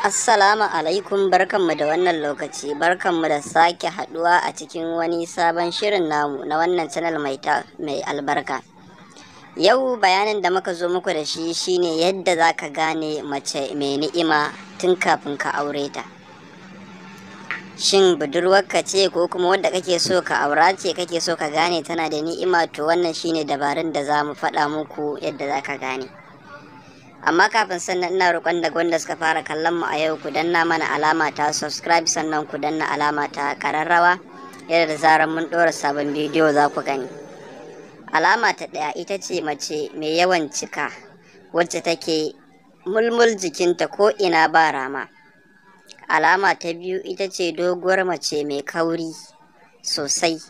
Assalamu alaikum barkanmu da wannan lokaci barkanmu da sake haduwa a cikin wani sabon shirin namu na wannan channel mai albarka. Yau bayanin da muka zo muku da shi shine yadda za ka gane mace mai ni'ima tun kafin ka aure ta. Shin budurwarka ce ko kuma wadda kake so ka aura ce kake so ka gane tana da ni'ima to wannan shine dabarun da za mu faɗa muku yadda za ka gane. amma kafin sannan ina roƙon daga wanda suka fara kallon mu a yau ku danna mana alama ta subscribe sannan ku danna alama ta ƙararrawa yadda da zarar mun ɗora sabon bidiyo za ku gani alama ta ɗaya ita ce mace mai yawan cika wacce take mulmul jikinta ko ina ba rama alama ta biyu ita ce doguwar mace mai kauri sosai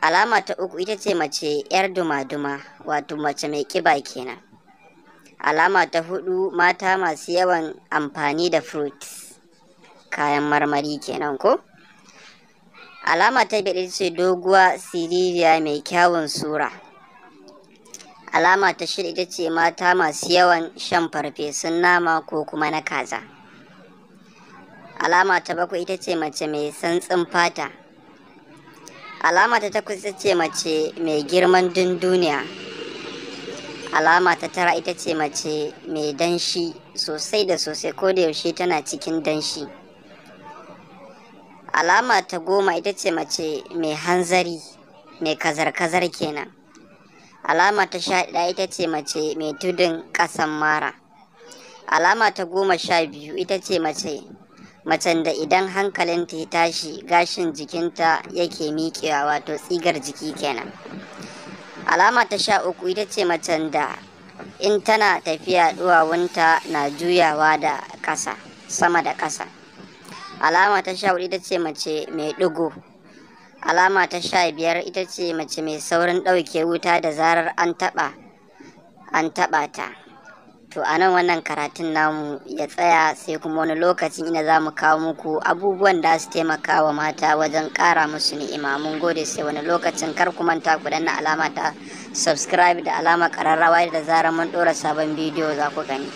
alama ta uku ita ce mace 'yar duma-duma wato mace mai kiba kenan alama ta hudu mata masu yawan amfani da fruits kayan marmari kenan ko alama ta biyar ce doguwa siririya mai kyawun sura alama ta shida ita ce mata masu yawan shan farfesun nama ko kuma na kaza alama ta bakwai ita ce mace mai santsin fata alama ta takwas ita ce mace mai girman dunduniya alama ta tara ita ce mace mai danshi sosai da sosai ko da yaushe tana cikin danshi alama ta goma ita ce mace mai hanzari mai kazar-kazar kenan alama ta sha ɗaya ita ce mace mai tudun ƙasan mara alama ta goma sha biyu ita ce mace macen da idan hankalinta ya tashi gashin jikinta yake miƙewa wato tsigar jiki kenan alama ta sha uku ita ce macen da in tana tafiya duwawunta na juyawa da kasa sama da ƙasa alama ta sha hudu ita ce mace mai ɗigo alama ta sha biyar ita ce mace mai saurin ɗauke wuta da zarar an taba ta To a nan wannan karatun namu ya tsaya sai kuma wani lokacin ina za mu kawo muku abubuwan da su taimaka wa mata wajen ƙara musu ni'ima mun gode sai wani lokacin kar ku manta ku danna alama ta subscribe da alama ƙararrawa da zarar mun ɗora sabon bidiyo za ku gani.